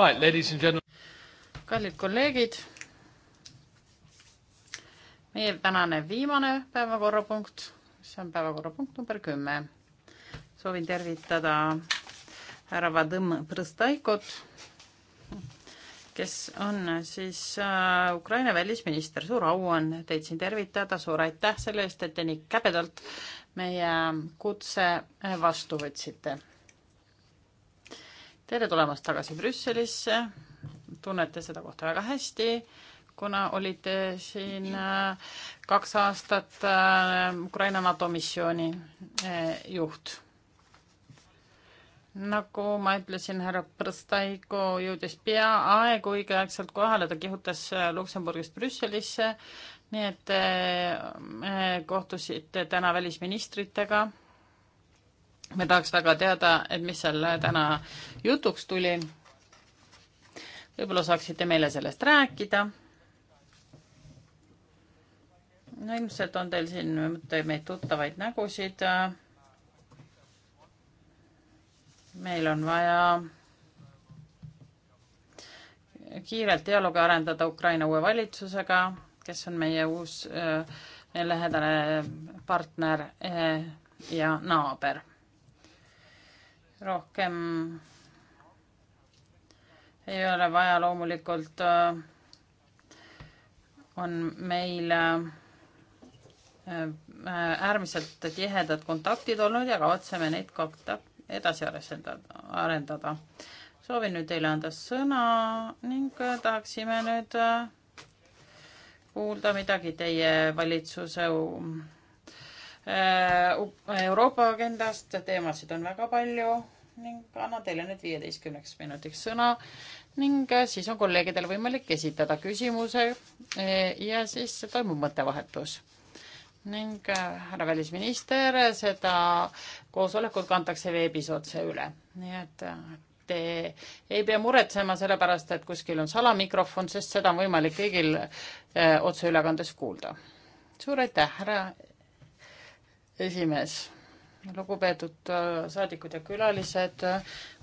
Right, ladies and gentlemen. kallid kolleegid, meie tänane viimane päevakorrapunkt, see on päevakorrapunkt number kümme. soovin tervitada härra Vadim Prõstaikot, kes on siis äh, Ukraina välisminister. suur au on teid siin tervitada, suur aitäh selle eest, et te nii käbedalt meie kutse vastu võtsite tere tulemast tagasi Brüsselisse, tunnete seda kohta väga hästi, kuna olite siin äh, kaks aastat äh, Ukraina NATO missiooni äh, juht. nagu ma ütlesin, härra Prõstaiko jõudis peaaegu õigeaegselt kohale, ta kihutas Luksemburgist Brüsselisse, nii et kohtusite täna välisministritega me tahaks väga teada, et mis seal täna jutuks tuli. võib-olla saaksite meile sellest rääkida. no ilmselt on teil siin meid tuttavaid nägusid. meil on vaja kiirelt dialoogi arendada Ukraina uue valitsusega, kes on meie uus, äh, meie lähedane partner äh, ja naaber rohkem ei ole vaja, loomulikult äh, on meil äh, äh, äärmiselt tihedad kontaktid olnud ja kavatseme neid kontakte edasi arendada. soovin nüüd teile anda sõna ning tahaksime nüüd kuulda midagi teie valitsuse Äh, Euroopa agendast, teemasid on väga palju ning annan teile nüüd viieteistkümneks minutiks sõna ning äh, siis on kolleegidel võimalik esitada küsimuse äh, ja siis toimub mõttevahetus. ning härra välisminister, seda koosolekut kantakse veebis otse üle, nii et te ei pea muretsema selle pärast, et kuskil on salamikrofon, sest seda on võimalik kõigil otseülekandes kuulda. suur aitäh, härra esimees, lugupeetud äh, saadikud ja külalised,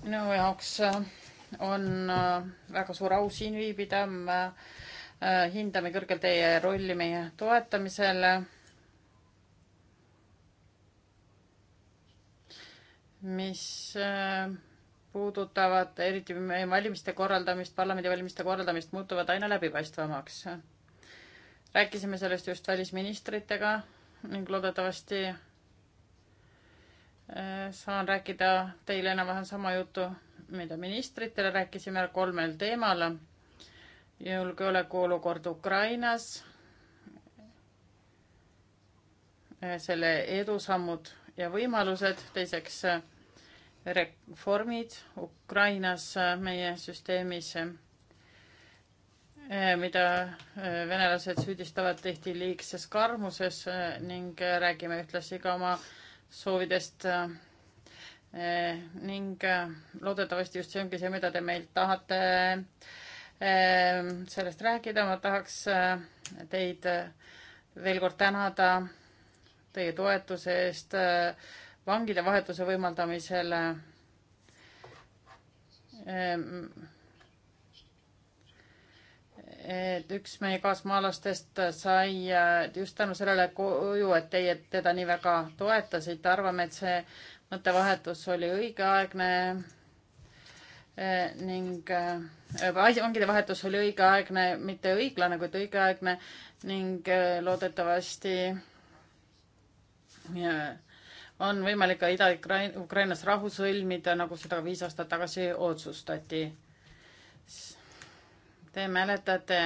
minu jaoks äh, on äh, väga suur au siin viibida. hindame kõrgelt teie rolli meie toetamisel. mis puudutavad eriti meie valimiste korraldamist, parlamendivalimiste korraldamist, muutuvad aina läbipaistvamaks. rääkisime sellest just välisministritega ning loodetavasti Äh, saan rääkida teile enam-vähem sama juttu, mida ministritele rääkisime kolmel teemal. julgeolekuolukord Ukrainas, äh, selle edusammud ja võimalused, teiseks äh, reformid Ukrainas meie süsteemis, mida venelased süüdistavad tihti liigses karmuses ning räägime ühtlasi ka oma äh, soovidest eh, ning eh, loodetavasti just see ongi see, mida te meilt tahate eh, sellest rääkida. ma tahaks teid veel kord tänada teie toetuse eest vangide vahetuse võimaldamisele et üks meie kaasmaalastest sai just tänu sellele koju, et teie teda nii väga toetasite, arvame, et see mõttevahetus oli õigeaegne eh, ning eh, asi, vangide vahetus oli õigeaegne, mitte õiglane, kuid õigeaegne ning eh, loodetavasti on võimalik ka Ida-Ukrainas rahu sõlmida, nagu seda viis aastat tagasi otsustati Te mäletate,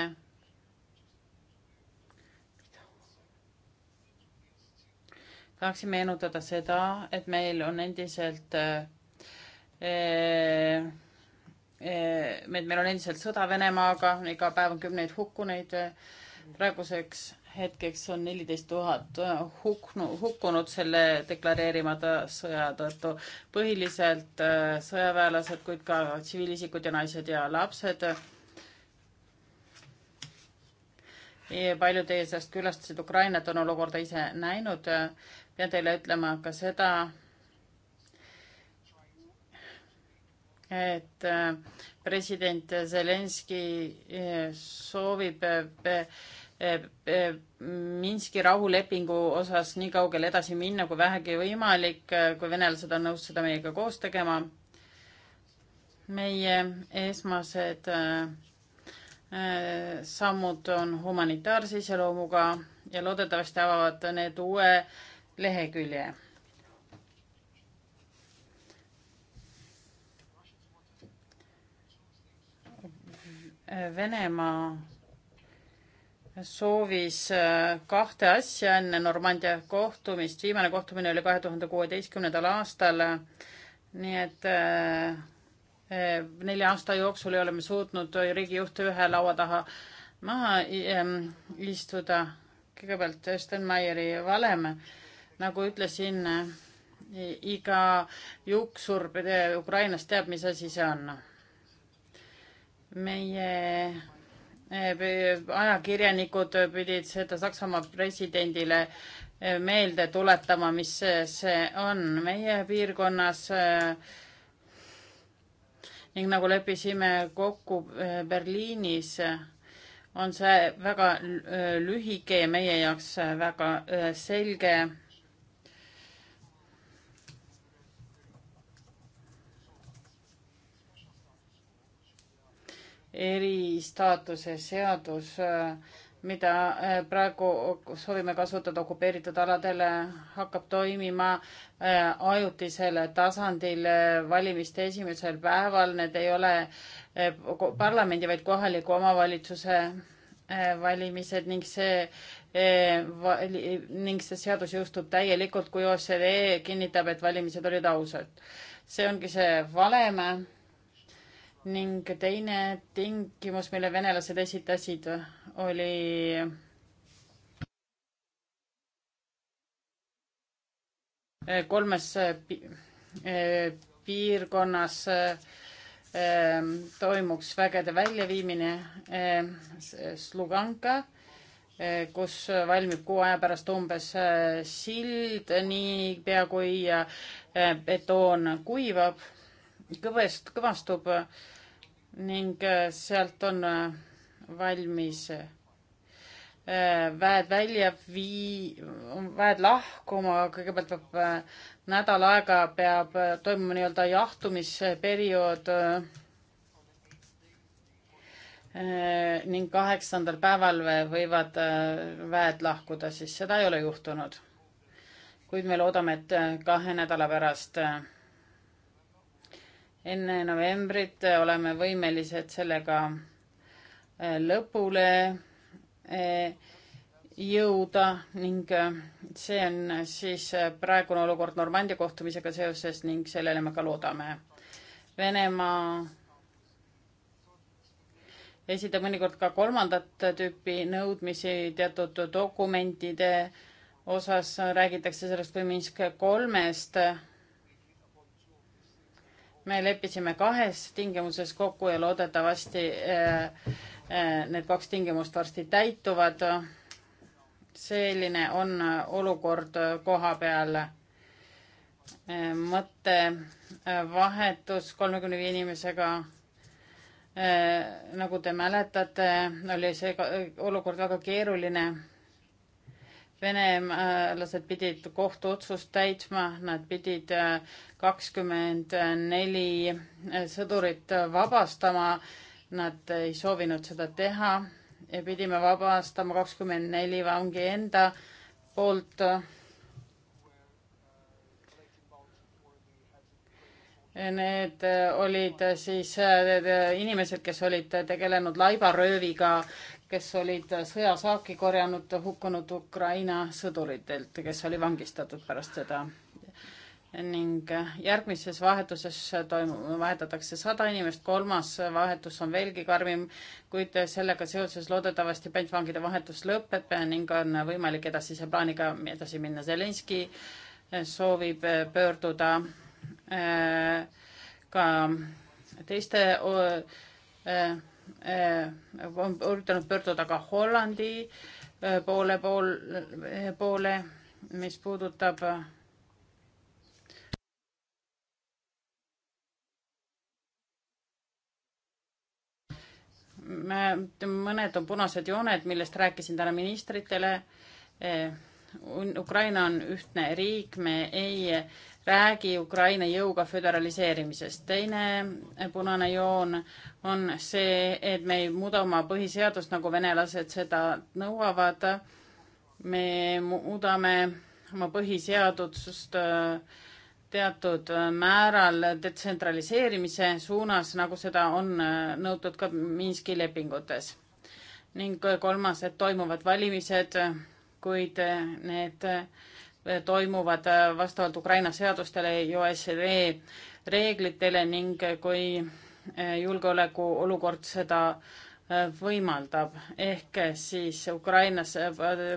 tahaksin meenutada seda, et meil on endiselt eh, eh, meil on endiselt sõda Venemaaga, iga päev on kümneid hukkuneid. praeguseks hetkeks on neliteist tuhat huknu, hukkunud selle deklareerimata sõja tõttu. põhiliselt eh, sõjaväelased, kuid ka tsiviilisikud ja naised ja lapsed paljud teie seast külastasid Ukrainat, on olukorda ise näinud. pean teile ütlema ka seda, et äh, president Zelenski äh, soovib äh, Minski rahulepingu osas nii kaugele edasi minna kui vähegi võimalik, kui venelased on nõus seda meiega koos tegema. meie esmased äh, Äh, sammud on humanitaarse iseloomuga ja loodetavasti avavad need uue lehekülje. Venemaa soovis äh, kahte asja enne Normandia kohtumist, viimane kohtumine oli kahe tuhande kuueteistkümnendal aastal, nii et äh, Eh, nelja aasta jooksul ei ole me suutnud riigijuhte ühe laua taha maha ehm, istuda. kõigepealt Stenmeieri valem, nagu ütlesin, eh, iga juuksur eh, Ukrainas teab, mis asi see on. meie ajakirjanikud pidid seda Saksamaa presidendile meelde tuletama, mis see on meie piirkonnas äh, ning nagu leppisime kokku eh, Berliinis, eh, on see väga eh, lühike ja meie jaoks väga selge. eristaatuse seadus mida äh, praegu soovime kasutada okupeeritud aladele, hakkab toimima äh, ajutisel tasandil äh, valimiste esimesel päeval, need ei ole parlamendi, vaid kohaliku omavalitsuse valimised ning see ning see seadus jõustub täielikult, kui OECD kinnitab, et valimised olid ausad. see ongi see valem ning teine tingimus, mille venelased esitasid, oli kolmes eh, piirkonnas eh, toimuks vägede väljaviimine eh, Sluganka, kus valmib kuu aja pärast umbes sild, niipea kui betoon kuivab kõvest, kõvastub äh, ning äh, sealt on äh, valmis väed välja vii-, um, väed lahkuma, kõigepealt peab nädal aega peab toimuma nii-öelda jahtumisperiood ning kaheksandal päeval võivad väed lahkuda, siis seda ei ole juhtunud. kuid me loodame, et kahe nädala pärast enne novembrit oleme võimelised sellega äh, lõpule äh, jõuda ning äh, see on siis praegune olukord Normandia kohtumisega seoses ning sellele me ka loodame. Venemaa esitab mõnikord ka kolmandat tüüpi nõudmisi teatud dokumentide osas räägitakse sellest kui Minsk kolmest me leppisime kahes tingimuses kokku ja loodetavasti äh, äh, need kaks tingimust varsti täituvad. selline on olukord koha peal. Äh, mõttevahetus kolmekümne viie inimesega. nagu te mäletate, oli see olukord väga keeruline venelased pidid kohtuotsust täitma, nad pidid äh, kakskümmend neli äh, sõdurit vabastama, nad ei soovinud seda teha ja pidime vabastama kakskümmend neli vangi enda poolt. Need äh, olid siis inimesed, kes olid tegelenud laibarööviga kes olid sõjasaaki korjanud hukkunud Ukraina sõduritelt, kes oli vangistatud pärast seda. ning järgmises vahetuses toimu-, vahetatakse sada inimest, kolmas vahetus on veelgi karmim, kuid sellega seoses loodetavasti pantvangide vahetus lõpeb ning on võimalik edasise plaaniga edasi minna. Zelenski soovib pöörduda äh, ka teiste öö, äh, öö, Äh, on üritanud pöörduda ka Hollandi äh, poole, pool, äh, poole, mis puudutab mõned on punased jooned, millest rääkisin täna ministritele. Ukraina on ühtne riik, me ei räägi Ukraina jõuga föderaliseerimisest. teine punane joon on see, et me ei muuda oma põhiseadust, nagu venelased seda nõuavad. me muudame oma põhiseadust äh, teatud määral detsentraliseerimise suunas, nagu seda on äh, nõutud ka Minski lepingutes. ning kolmas, et toimuvad valimised, kuid need äh, toimuvad äh, vastavalt Ukraina seadustele ja OSCE reeglitele ning kui äh, julgeolekuolukord seda äh, võimaldab. ehk siis Ukrainas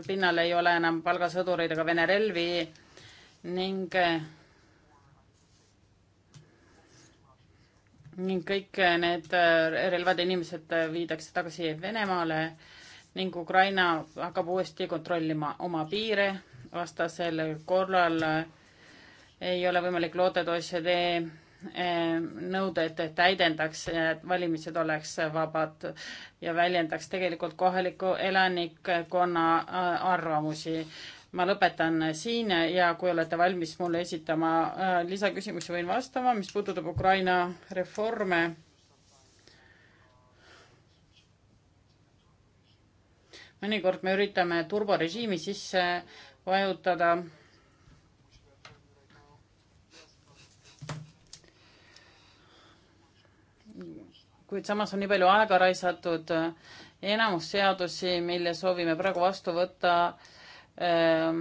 pinnal ei ole enam palgasõdureid ega Vene relvi ning ning kõik need relvad ja inimesed viidakse tagasi Venemaale ning Ukraina hakkab uuesti kontrollima oma piire vastasel korral ei ole võimalik loota, et eh, OECD nõuded täidendaks, et valimised oleks vabad ja väljendaks tegelikult kohaliku elanikkonna eh, arvamusi. ma lõpetan siin ja kui olete valmis mulle esitama eh, lisaküsimusi, võin vastama, mis puudutab Ukraina reforme mõnikord me üritame turborežiimi sisse vajutada. kuid samas on nii palju aega raisatud, enamus seadusi, mille soovime praegu vastu võtta ähm,,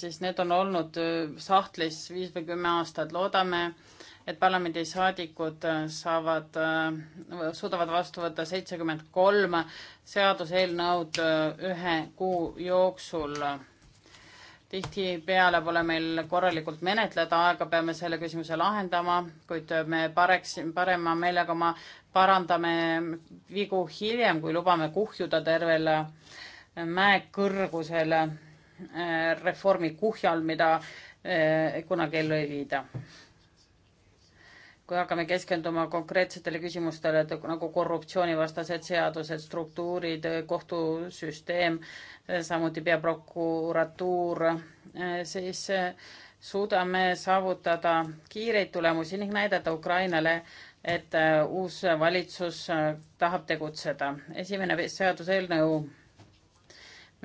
siis need on olnud eh, sahtlis viis või kümme aastat, loodame äh, et parlamendisaadikud äh, saavad, äh, suudavad vastu võtta seitsekümmend kolm seaduseelnõud äh, ühe kuu jooksul. tihtipeale pole meil korralikult menetleda aega, peame selle küsimuse lahendama, kuid me pareks, parema meelega oma parandame vigu hiljem, kui lubame kuhjuda tervele mäekõrgusele reformi kuhjal, mida kunagi ellu ei viida kui hakkame keskenduma konkreetsetele küsimustele nagu korruptsioonivastased seadused, struktuurid, kohtusüsteem, samuti peaprokuratuur, siis suudame saavutada kiireid tulemusi ning näidata Ukrainale, et uus valitsus tahab tegutseda. esimene seaduseelnõu,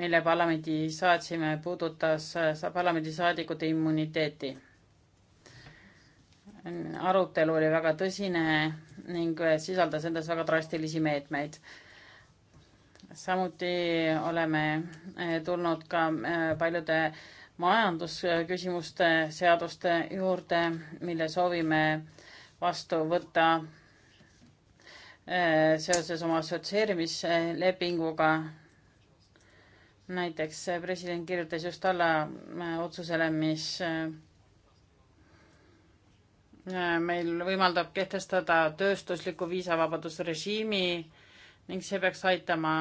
mille parlamendi saatsime, puudutas parlamendisaadikute immuniteeti arutelu oli väga tõsine ning sisaldas endas väga drastilisi meetmeid. samuti oleme eh, tulnud ka eh, paljude majandusküsimuste seaduste juurde, mille soovime vastu võtta eh, seoses oma assotsieerimislepinguga. näiteks president kirjutas just alla otsusele, mis Äh, meil võimaldab kehtestada tööstusliku viisavabadusrežiimi ning see peaks aitama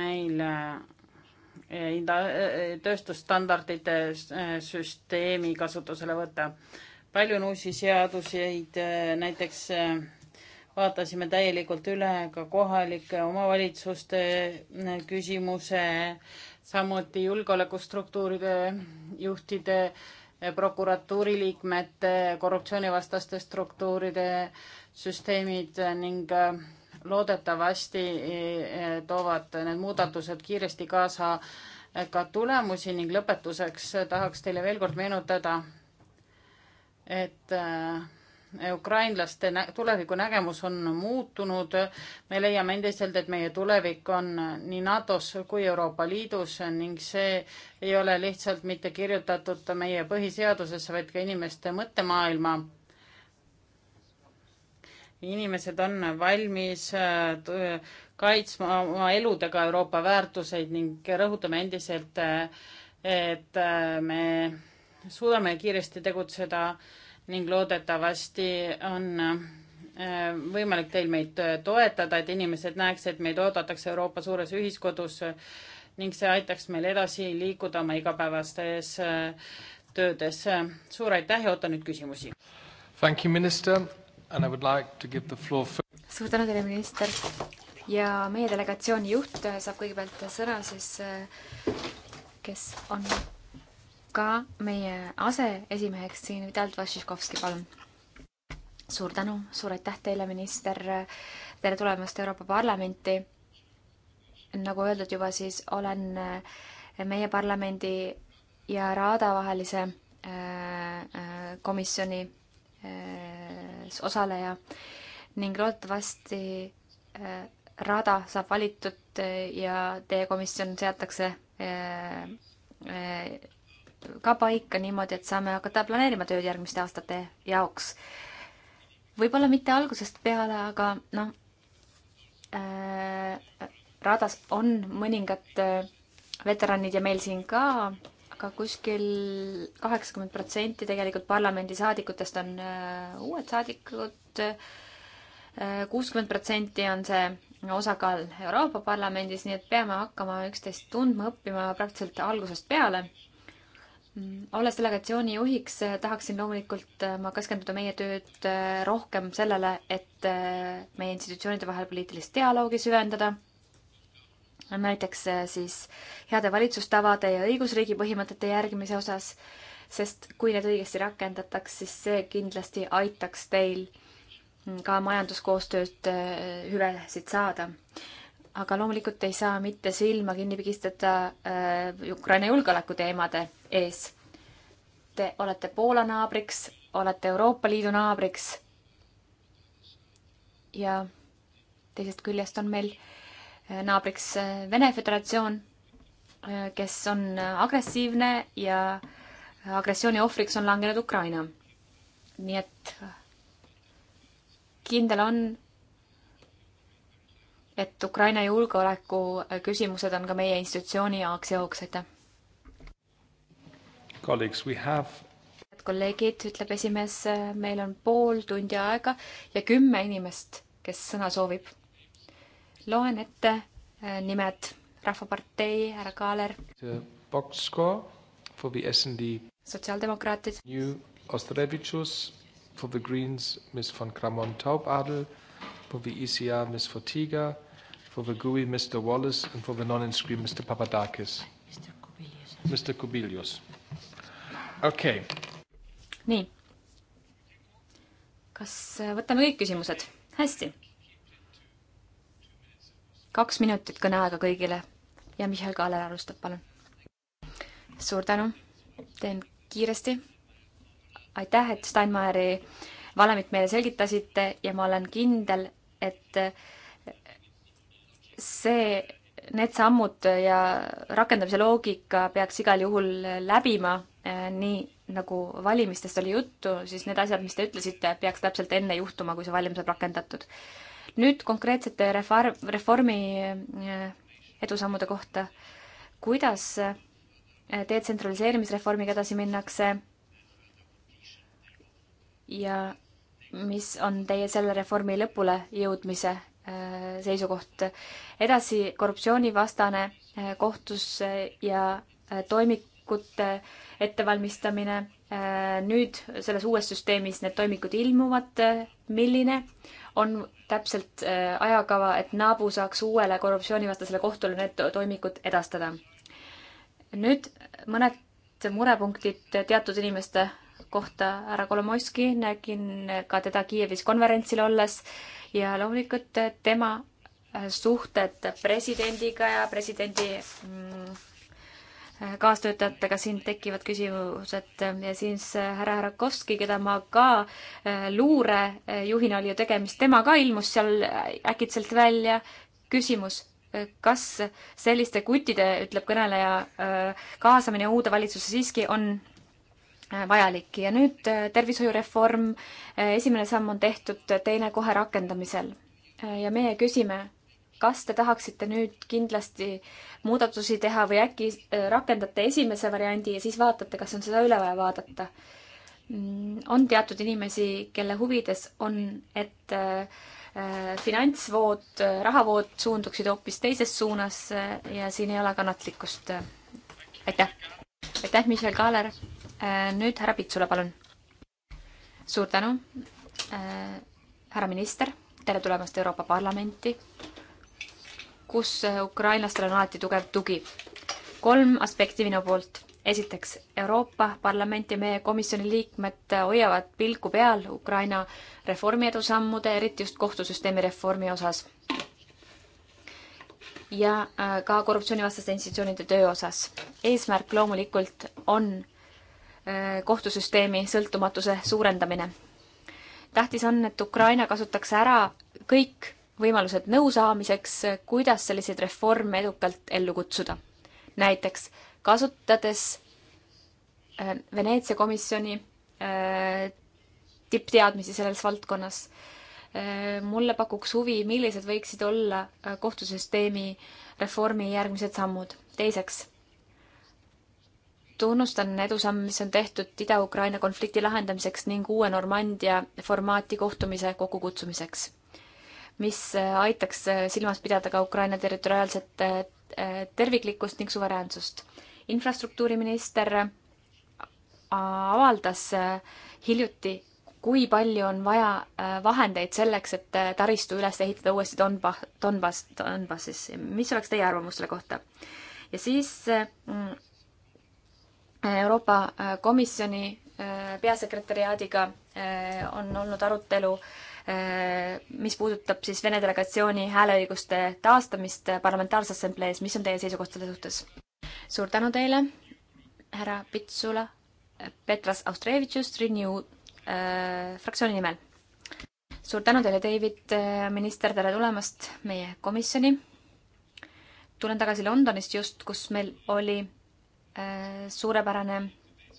meil äh, äh, tööstusstandardite süsteemi kasutusele võtta. palju on uusi seaduseid, näiteks vaatasime täielikult üle ka kohalike omavalitsuste küsimuse, samuti julgeolekustruktuuride juhtide äh, prokuratuuri liikmete, korruptsioonivastaste struktuuride süsteemid ning äh, loodetavasti äh, toovad need muudatused kiiresti kaasa äh, ka tulemusi ning lõpetuseks tahaks teile veel kord meenutada, et äh, ukrainlaste tulevikunägemus on muutunud. me leiame endiselt, et meie tulevik on nii NATO-s kui Euroopa Liidus ning see ei ole lihtsalt mitte kirjutatud meie põhiseadusesse, vaid ka inimeste mõttemaailma. inimesed on valmis äh, kaitsma oma eludega Euroopa väärtuseid ning rõhutame endiselt, et me suudame kiiresti tegutseda äh, ning loodetavasti on äh, võimalik teil meid äh, toetada, et inimesed näeks, et meid oodatakse Euroopa suures ühiskodus äh, ning see aitaks meil edasi liikuda oma igapäevastes töödes. suur aitäh ja ootan nüüd küsimusi. Thank you, minister, and I would like to give the floor for... suur tänu teile, minister. ja meie delegatsiooni juht saab kõigepealt sõna siis, kes on ka meie aseesimeheks siin, Vitalt Vašiškovski, palun. suur tänu, suur aitäh teile, minister. tere tulemast Euroopa Parlamenti. nagu öeldud juba, siis olen eh, meie parlamendi ja Raada vahelise eh, eh, komisjoni osaleja ning loodetavasti Rada saab valitud ja teie komisjon seatakse ka paika niimoodi, et saame hakata planeerima tööd järgmiste aastate jaoks. võib-olla mitte algusest peale, aga noh äh,, radas on mõningad äh, veteranid ja meil siin ka, aga kuskil kaheksakümmend protsenti tegelikult parlamendisaadikutest on äh, uued saadikud äh,, kuuskümmend protsenti on see osakaal Euroopa Parlamendis, nii et peame hakkama üksteist tundma, õppima praktiliselt algusest peale Mm, olles delegatsiooni juhiks, eh, tahaksin loomulikult eh, ma keskenduda meie tööd eh, rohkem sellele, et meie institutsioonide vahel poliitilist dialoogi süvendada, näiteks siis heade valitsustavade ja õigusriigi põhimõtete järgimise osas, sest kui need õigesti rakendataks, siis see kindlasti aitaks teil mm, ka majanduskoostööst hüvesid saada aga loomulikult ei saa mitte silma kinni pigistada äh, Ukraina julgeolekuteemade ees. Te olete Poola naabriks, olete Euroopa Liidu naabriks. ja teisest küljest on meil äh, naabriks äh, Vene Föderatsioon, äh, kes on agressiivne ja agressiooni ohvriks on langenud Ukraina. nii et kindel on, et Ukraina julgeoleku küsimused on ka meie institutsiooni jaoks jõuks, aitäh. head kolleegid, ütleb esimees, meil on pool tundi aega ja kümme inimest, kes sõna soovib. loen ette äh, nimed. rahvapartei, härra Kaaler. Paksko for the SND. sotsiaaldemokraatid. New Ostrevitšus for the Greens, Miss von Kramon-Taubadel for the ECR, Ms. Fortiga, for the GUI, Mr. Wallace, and for the non-inscreen, Mr. Papadakis. Mr. Kubilius. Mr. Kubilius. Okei okay.. nii. kas äh, võtame kõik küsimused? hästi. kaks minutit kõneaega kõigile ja Mihhail Kaaler alustab, palun. suur tänu, teen kiiresti. aitäh, et Steinmeieri valemit meile selgitasite ja ma olen kindel, et see, need sammud ja rakendamise loogika peaks igal juhul läbima, eh, nii nagu valimistest oli juttu, siis need asjad, mis te ütlesite, peaks täpselt enne juhtuma, kui see valim saab rakendatud. nüüd konkreetsete reform, reformi eh, edusammude kohta. kuidas eh, detsentraliseerimisreformiga edasi minnakse ja mis on teie selle reformi lõpule jõudmise äh, seisukoht. edasi korruptsioonivastane äh, kohtus äh, ja toimikute ettevalmistamine. nüüd selles uues süsteemis need toimikud ilmuvad. milline on täpselt ajakava, et Naabu saaks uuele korruptsioonivastasele kohtule need toimikud edastada? nüüd mõned murepunktid teatud inimeste kohta härra Kolomoiski, nägin ka teda Kiievis konverentsil olles ja loomulikult tema äh, suhted presidendiga ja presidendi mm, kaastöötajatega siin tekivad küsimused ja siis äh, härra Hrakovski, keda ma ka äh, luurejuhina oli ju tegemist, tema ka ilmus seal äkitselt välja. küsimus, kas selliste kuttide, ütleb kõneleja, kaasamine uude valitsusse siiski on vajalik ja nüüd äh, tervishoiureform, äh, esimene samm on tehtud, teine kohe rakendamisel. Äh, ja meie küsime, kas te tahaksite nüüd kindlasti muudatusi teha või äkki rakendate esimese variandi ja siis vaatate, kas on seda üle vaja vaadata? Mm, on teatud inimesi, kelle huvides on, et finantsvood, rahavood suunduksid hoopis teises suunas ja siin ei ole kannatlikkust. aitäh! aitäh, Michel Kaaler! Äh, nüüd härra Pitsula, palun. suur tänu, äh, härra minister, tere tulemast Euroopa Parlamenti, kus äh, ukrainlastel on alati tugev tugi. kolm aspekti minu poolt. esiteks, Euroopa Parlamenti meie komisjoni liikmed hoiavad pilku peal Ukraina reformi edusammude, eriti just kohtusüsteemi reformi osas. ja ka korruptsioonivastaste institutsioonide töö osas. eesmärk loomulikult on äh, Äh, kohtusüsteemi sõltumatuse suurendamine. tähtis on, et Ukraina kasutaks ära kõik võimalused nõusaamiseks, kuidas selliseid reforme edukalt ellu kutsuda. näiteks kasutades äh, Veneetsia komisjoni äh, tippteadmisi selles valdkonnas. mulle pakuks huvi, millised võiksid olla kohtusüsteemi reformi järgmised sammud. teiseks, tunnustan edusamme, mis on tehtud Ida-Ukraina konflikti lahendamiseks ning uue Normandia formaati kohtumise kokkukutsumiseks, mis äh, aitaks äh, silmas pidada ka Ukraina territoriaalset äh, terviklikkust ning suveräänsust. infrastruktuuriminister avaldas hiljuti, kui palju on vaja vahendeid selleks, et taristu üles ehitada uuesti Donba-, Donbas, Donbassis. mis oleks teie arvamus selle kohta? ja siis mm, Euroopa äh, Komisjoni äh, peasekretäriaadiga äh, on olnud arutelu, mis puudutab siis Vene delegatsiooni hääleõiguste taastamist Parlamentaarses Assamblees, mis on teie seisukoht selle suhtes? suur tänu teile, härra Pitsula, Petras Austrevitšus, Renew äh, fraktsiooni nimel. suur tänu teile, David, minister, tere tulemast meie komisjoni. tulen tagasi Londonist just, kus meil oli Äh, suurepärane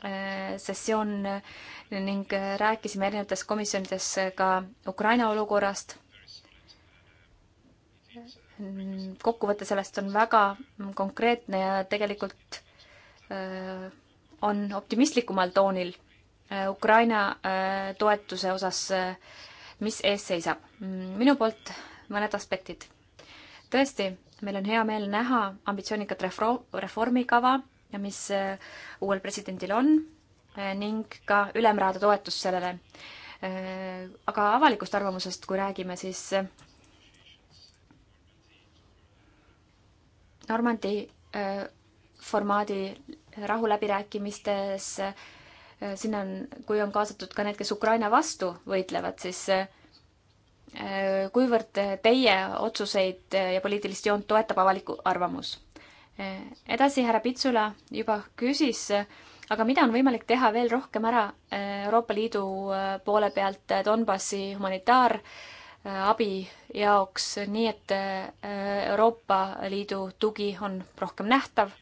äh, sessioon ning äh, rääkisime erinevates komisjonides ka Ukraina olukorrast. kokkuvõte sellest on väga konkreetne ja tegelikult on optimistlikumal toonil Ukraina toetuse osas, mis ees seisab. minu poolt mõned aspektid. tõesti, meil on hea meel näha ambitsioonikat reform, reformikava mis äh, uuel presidendil on äh, ning ka ülemraada toetus sellele. Äh, aga avalikust arvamusest, kui räägime, siis Normandi formaadi rahuläbirääkimistes sinna on, kui on kaasatud ka need, kes Ukraina vastu võitlevad, siis kuivõrd teie otsuseid ja poliitilist joont toetab avalik arvamus? Eh, edasi, härra Pitsula juba küsis, eh, aga mida on võimalik teha veel rohkem ära eh, Euroopa Liidu poole pealt Donbassi humanitaarabi jaoks, nii et Euroopa Liidu tugi on rohkem nähtav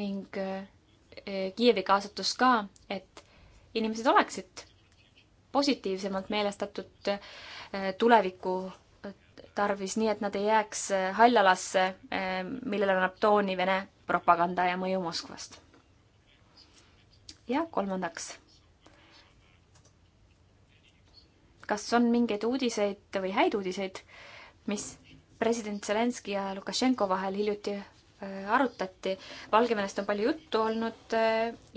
ning Kiievi kaasatus ka, et inimesed oleksid positiivsemalt meelestatud tuleviku tarvis, nii et nad ei jääks eh, haljalasse, eh, millele annab tooni Vene propaganda ja mõju Moskvast. ja kolmandaks kas on mingeid uudiseid või häid uudiseid, mis president Zelenskõi ja Lukašenko vahel hiljuti eh, arutati. Valgevenest on palju juttu olnud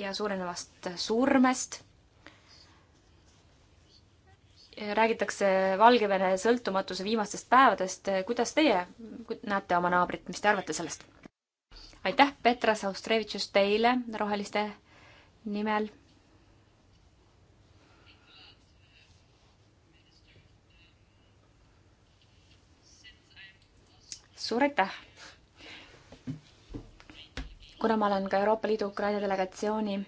ja suurenevast surmest räägitakse Valgevene sõltumatuse viimastest päevadest, kuidas teie näete oma naabrit, mis te arvate sellest? aitäh, Petra Saustrevitšus teile Roheliste nimel. suur aitäh! kuna ma olen ka Euroopa Liidu Ukraina delegatsiooni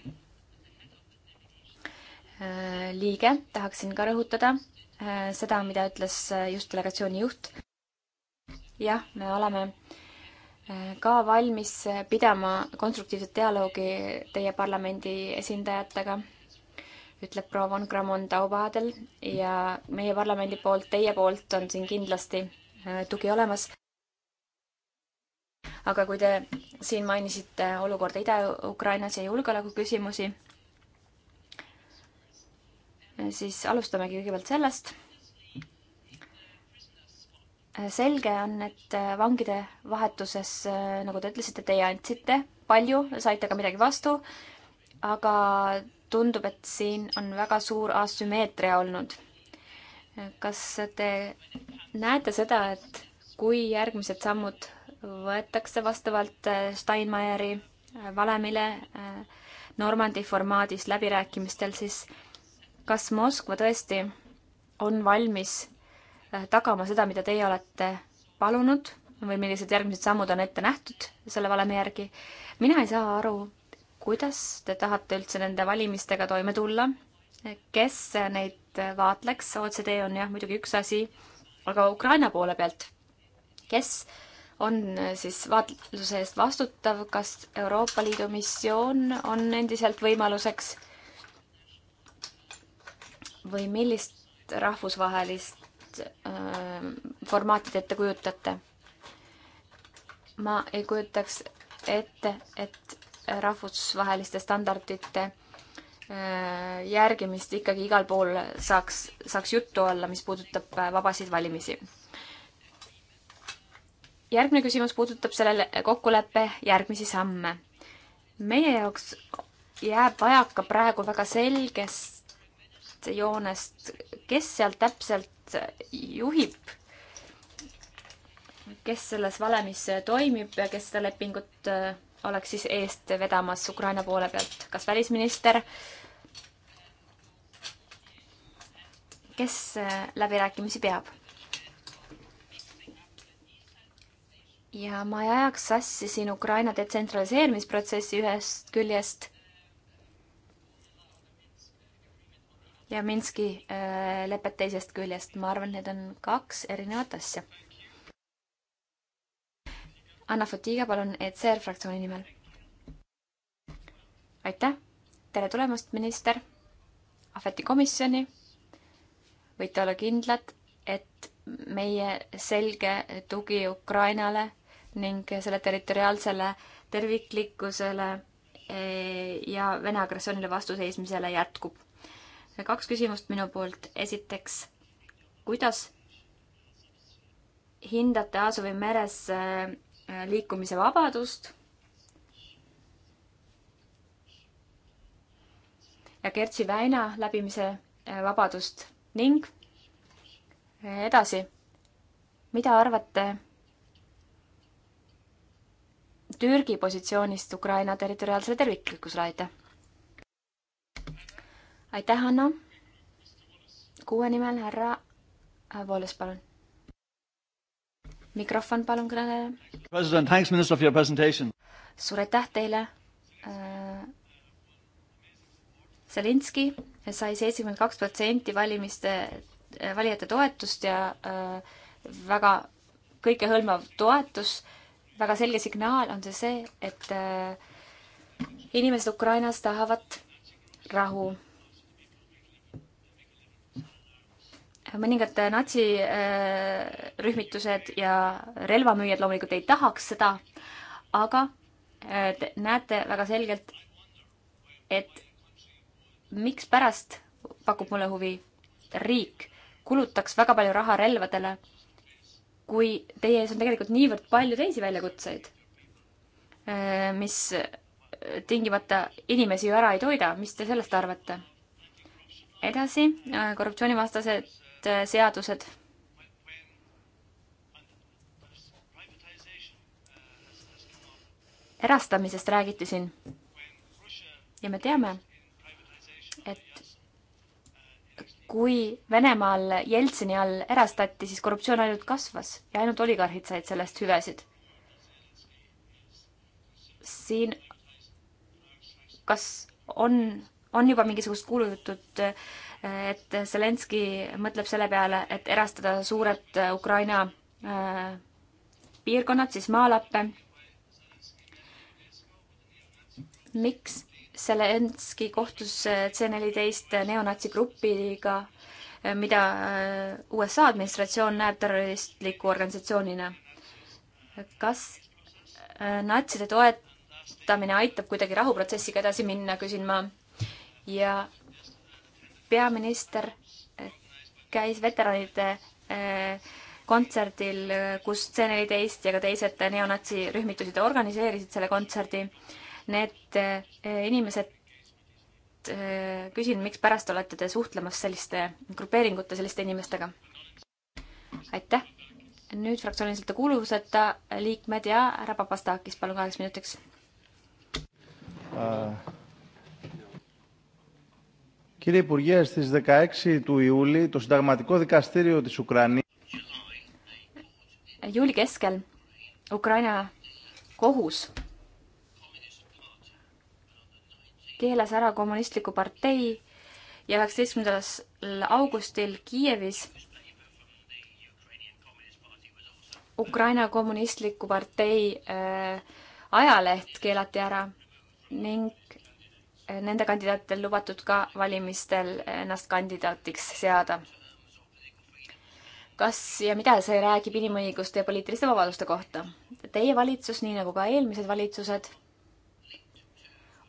Äh, liige, tahaksin ka rõhutada äh, seda, mida ütles äh, just delegatsiooni juht. jah, me oleme ka valmis pidama konstruktiivset dialoogi teie parlamendi esindajatega, ütleb proua von Grammon Taubadel ja meie parlamendi poolt, teie poolt on siin kindlasti tugi olemas. aga kui te siin mainisite olukorda Ida-Ukrainas ja julgeolekuküsimusi, siis alustamegi kõigepealt sellest. selge on, et äh, vangide vahetuses, äh, nagu te ütlesite, teie andsite palju, saite ka midagi vastu, aga tundub, et siin on väga suur asümmeetria olnud. kas te näete seda, et kui järgmised sammud võetakse vastavalt äh, Steinmeieri valemile Normandi formaadis läbirääkimistel, siis äh, kas Moskva tõesti on valmis äh, tagama seda, mida teie olete palunud või millised järgmised sammud on ette nähtud selle valemi järgi. mina ei saa aru, kuidas te tahate üldse nende valimistega toime tulla, kes neid vaatleks, OCD on jah muidugi üks asi, aga Ukraina poole pealt, kes on äh, siis vaatluse eest vastutav, kas Euroopa Liidu missioon on endiselt võimaluseks või millist rahvusvahelist ähm, formaati te ette kujutate? ma ei kujutaks ette, et rahvusvaheliste standardite äh, järgimist ikkagi igal pool saaks, saaks juttu olla, mis puudutab äh, vabasid valimisi. järgmine küsimus puudutab sellele kokkuleppe järgmisi samme. meie jaoks jääb vajaka praegu väga selgest punasest joonest, kes sealt täpselt juhib, kes selles valemis toimib ja kes seda lepingut äh, oleks siis eest vedamas Ukraina poole pealt, kas välisminister, kes äh, läbirääkimisi peab? ja ma ei ajaks sassi siin Ukraina detsentraliseerimisprotsessi ühest küljest ja Minski äh, lepet teisest küljest. ma arvan, need on kaks erinevat asja. Anna Fotiga, palun, ECR fraktsiooni nimel. aitäh, tere tulemast, minister, ahvetikomisjoni. võite olla kindlad, et meie selge tugi Ukrainale ning selle territoriaalsele terviklikkusele eh, ja Vene agressioonile vastuseismisele jätkub kaks küsimust minu poolt. esiteks, kuidas hindate Aasovi meres äh, liikumise vabadust? ja Kertsi väina läbimise äh, vabadust ning äh, edasi, mida arvate Türgi positsioonist Ukraina territoriaalsele terviklikkusele, aitäh! aitäh, Hanno. kuue nimel härra Voolus, palun. mikrofon palun kõnelejale. president, thanks minister for your presentation. suur aitäh teile äh,. Zelinski sai seitsekümmend kaks protsenti valimiste, äh, valijate toetust ja äh, väga kõikehõlmav toetus, väga selge signaal on see see, et äh, inimesed Ukrainas tahavad rahu mõningad natsirühmitused ja relvamüüjad loomulikult ei tahaks seda, aga äh, te näete väga selgelt, et mikspärast pakub mulle huvi riik kulutaks väga palju raha relvadele, kui teie ees on tegelikult niivõrd palju teisi väljakutseid, äh, mis tingimata inimesi ju ära ei toida, mis te sellest arvate? edasi, äh, korruptsioonivastase need äh, seadused. erastamisest räägiti siin. ja me teame, et kui Venemaal Jeltsini all erastati, siis korruptsioon ainult kasvas ja ainult oligarhid said sellest hüvesid. siin kas on, on juba mingisugust kuulutatud äh, et Zelenski mõtleb selle peale, et erastada suured äh, Ukraina äh, piirkonnad, siis maalappe. miks Zelenski kohtus äh, C14 neonatsigrupiga, mida USA administratsioon näeb terroristliku organisatsioonina? kas natside toetamine aitab kuidagi rahuprotsessiga edasi minna, küsin ma. ja peaminister käis veteranide eh, kontserdil, kus C14 ja ka teised neonatsirühmitused organiseerisid selle kontserdi. Need eh, inimesed, eh, küsin, mikspärast olete te suhtlemas selliste grupeeringute, selliste inimestega? aitäh! nüüd fraktsiooniliselt kuuluvuseta liikmed ja härra Papastakis, palun kaheks minutiks uh Κύριε Υπουργέ, στις 16 του Ιούλη το Συνταγματικό Δικαστήριο της Ουκρανίας äh, Juuli keskel Ukraina kohus keelas ära kommunistliku partei ja üheksateistkümnendal augustil Kiievis Ukraina kommunistliku partei äh, ajaleht keelati ära ning nende kandidaatidel lubatud ka valimistel ennast kandidaatiks seada. kas ja mida see räägib inimõiguste ja poliitiliste vabaduste kohta? Teie valitsus, nii nagu ka eelmised valitsused,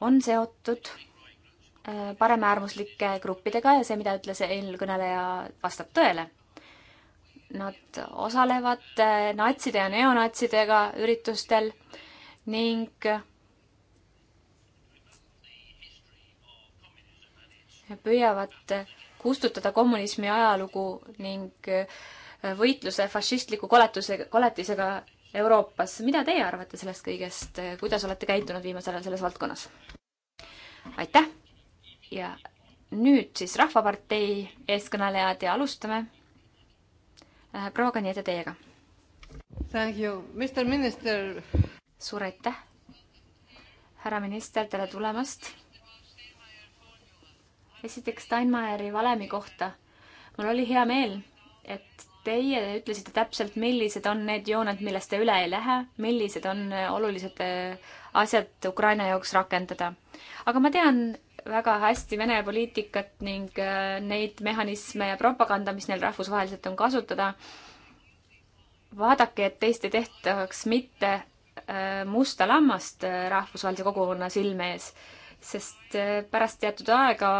on seotud äh, paremäärmuslike gruppidega ja see, mida ütles eelkõneleja, vastab tõele. Nad osalevad äh, natside ja neonatsidega üritustel ning püüavad kustutada kommunismi ajalugu ning äh, võitluse fašistliku koletuse, koletisega Euroopas. mida teie arvate sellest kõigest, kuidas olete käitunud viimasel ajal selles valdkonnas? aitäh ja nüüd siis Rahvapartei eeskõnelejad ja alustame. Äh, proua Kanjete teiega. Thank you, Mr Minister. suur aitäh, härra minister, tere tulemast esiteks Steinmeieri valemi kohta. mul oli hea meel, et teie ütlesite täpselt, millised on need jooned, millest te üle ei lähe, millised on olulised äh, asjad Ukraina jaoks rakendada. aga ma tean väga hästi Vene poliitikat ning äh, neid mehhanisme ja propaganda, mis neil rahvusvaheliselt on kasutada. vaadake, et teist ei tehtaks mitte äh, musta lammast rahvusvahelise kogukonna silme ees sest eh, pärast teatud aega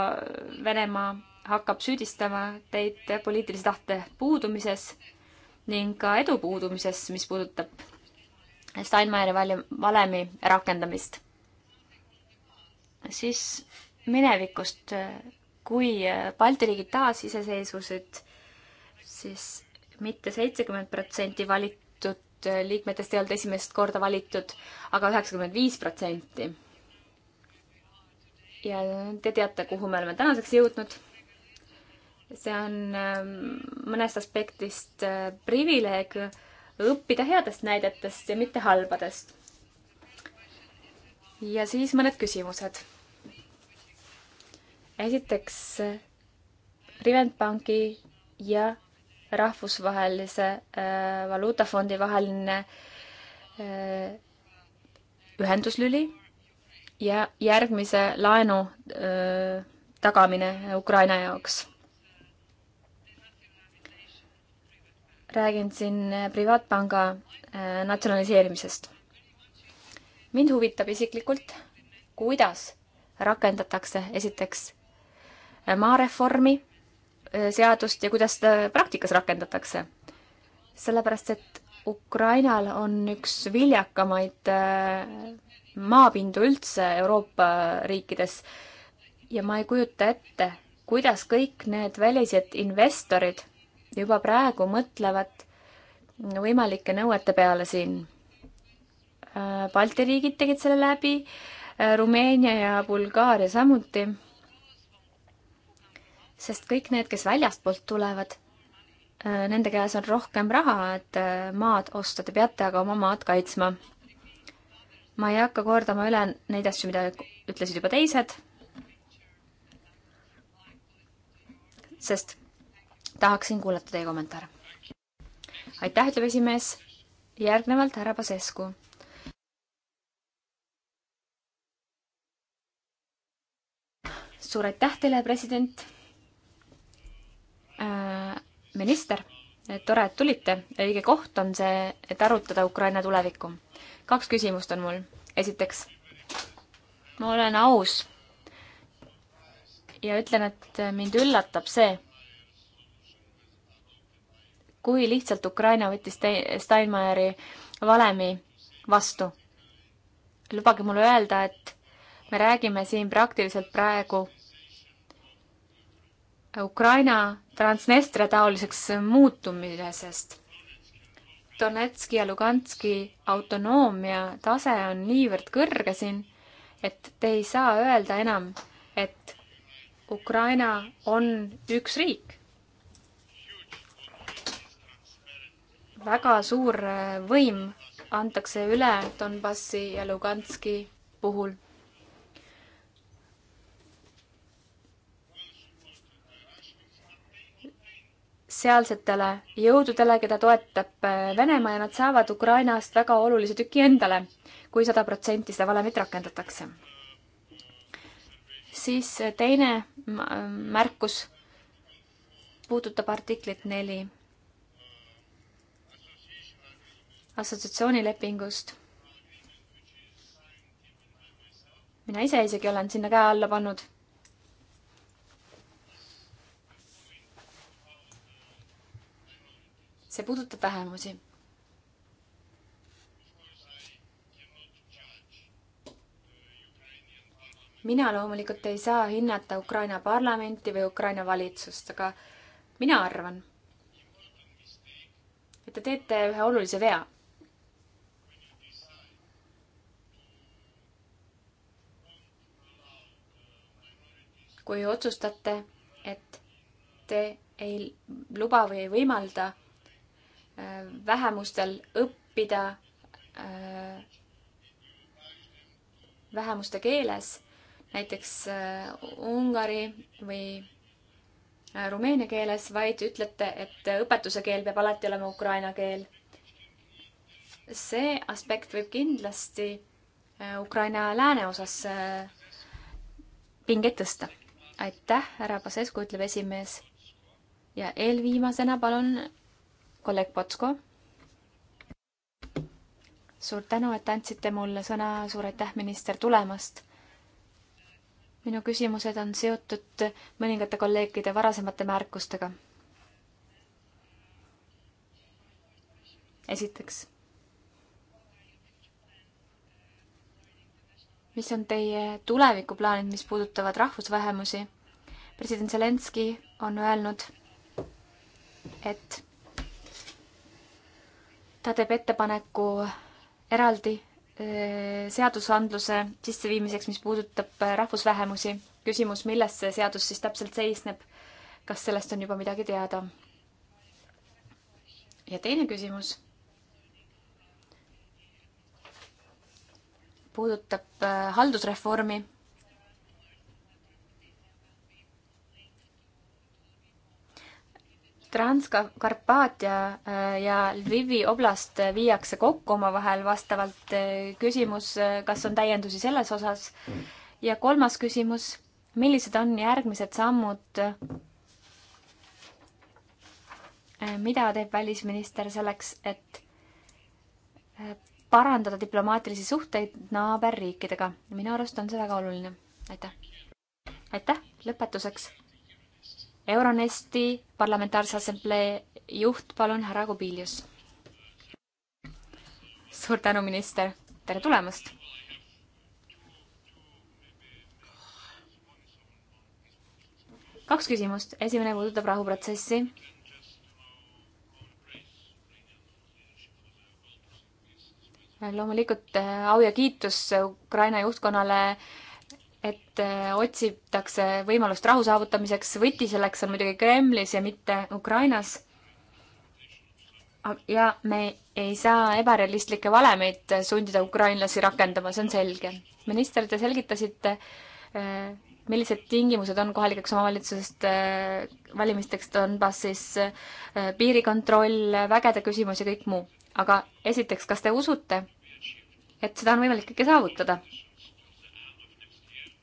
Venemaa hakkab süüdistama teid poliitilise tahte puudumises ning ka edu puudumises, mis puudutab Steinmeieri valemi rakendamist. siis minevikust, eh, kui eh, Balti riigid taasiseseisvusid, siis mitte seitsekümmend protsenti valitud liikmetest ei olnud esimest korda valitud aga, aga üheksakümmend viis protsenti ja te teate, kuhu me oleme tänaseks jõudnud. see on ähm, mõnest aspektist äh, privileeg õppida headest näidetest ja mitte halbadest. ja siis mõned küsimused. esiteks Preventbanki ja rahvusvahelise äh, valuutafondi vaheline äh, ühenduslüli ja järgmise laenu öö, tagamine Ukraina jaoks. räägin siin privaatpanga natsionaliseerimisest. mind huvitab isiklikult, kuidas rakendatakse esiteks maareformi seadust ja kuidas seda praktikas rakendatakse. sellepärast, et Ukrainal on üks viljakamaid maapindu üldse Euroopa riikides ja ma ei kujuta ette, kuidas kõik need välised investorid juba praegu mõtlevad võimalike nõuete peale siin. Äh, Balti riigid tegid selle läbi, äh, Rumeenia ja Bulgaaria samuti. sest kõik need, kes väljastpoolt tulevad, äh, nende käes on rohkem raha, et maad osta, te peate aga oma maad kaitsma ma ei hakka kordama üle neid asju, mida ütlesid juba teised, sest tahaksin kuulata teie kommentaare. aitäh, ütleb esimees. järgnevalt härra Pasescu. suur aitäh teile, president äh,, minister tore, et tulite. õige koht on see, et arutada Ukraina tulevikku. kaks küsimust on mul. esiteks, ma olen aus ja ütlen, et mind üllatab see, kui lihtsalt Ukraina võttis Steinmeieri valemi vastu. lubage mul öelda, et me räägime siin praktiliselt praegu Ukraina Transnistria taoliseks muutumisest. Donetski ja Luganski autonoomia tase on niivõrd kõrge siin, et te ei saa öelda enam, et Ukraina on üks riik. väga suur äh, võim antakse üle Donbassi ja Luganski puhul sealsetele jõududele, keda toetab äh, Venemaa ja nad saavad Ukrainast väga olulise tüki endale kui, kui sada protsenti seda valemit rakendatakse. siis äh, teine äh, märkus puudutab artiklit neli assotsiatsioonilepingust. mina ise isegi olen sinna käe alla pannud see puudutab vähemusi. mina loomulikult ei saa hinnata Ukraina parlamenti või Ukraina valitsust, aga mina arvan, et te teete ühe olulise vea kui otsustate, et te ei luba või ei võimalda vähemustel õppida äh, vähemuste keeles, näiteks äh, ungari või äh, rumeenia keeles, vaid ütlete, et õpetuse keel peab alati olema ukraina keel. see aspekt võib kindlasti Ukraina lääneosas pingeid tõsta. aitäh, härra Pasescu, ütleb esimees. ja eelviimasena palun kolleeg Potsko. suur tänu, et andsite mulle sõna, suur aitäh, minister, tulemast. minu küsimused on seotud mõningate kolleegide varasemate märkustega. esiteks mis on teie tulevikuplaanid, mis puudutavad rahvusvähemusi? president Zelenskõi on öelnud, et ta teeb ettepaneku eraldi eh, seadusandluse sisseviimiseks, mis puudutab eh, rahvusvähemusi. küsimus, milles see seadus siis täpselt seisneb? kas sellest on juba midagi teada? ja teine küsimus puudutab eh, haldusreformi Transkarpaatia äh, ja Lvivi oblast viiakse kokku omavahel vastavalt äh, küsimus, äh, kas on täiendusi selles osas. ja kolmas küsimus, millised on järgmised sammud, mida teeb välisminister selleks, et parandada diplomaatilisi suhteid naaberriikidega? minu arust on see väga oluline. aitäh! aitäh, lõpetuseks Euronesti Parlamentaarse Assamblee juht, palun, härra Kubilius. suur tänu, minister, tere tulemast. kaks küsimust, esimene puudutab rahuprotsessi. loomulikult äh, au ja kiitus Ukraina juhtkonnale äh, et äh, otsitakse võimalust rahu saavutamiseks, võti selleks on muidugi Kremlis ja mitte Ukrainas. ja me ei saa ebarealistlikke valemeid sundida ukrainlasi rakendama, see on selge. minister, te selgitasite, äh, millised tingimused on kohalikeks omavalitsusest äh, valimisteks Donbassis, piirikontroll, vägede küsimus ja kõik muu. aga esiteks, kas te usute, et seda on võimalik kõike saavutada?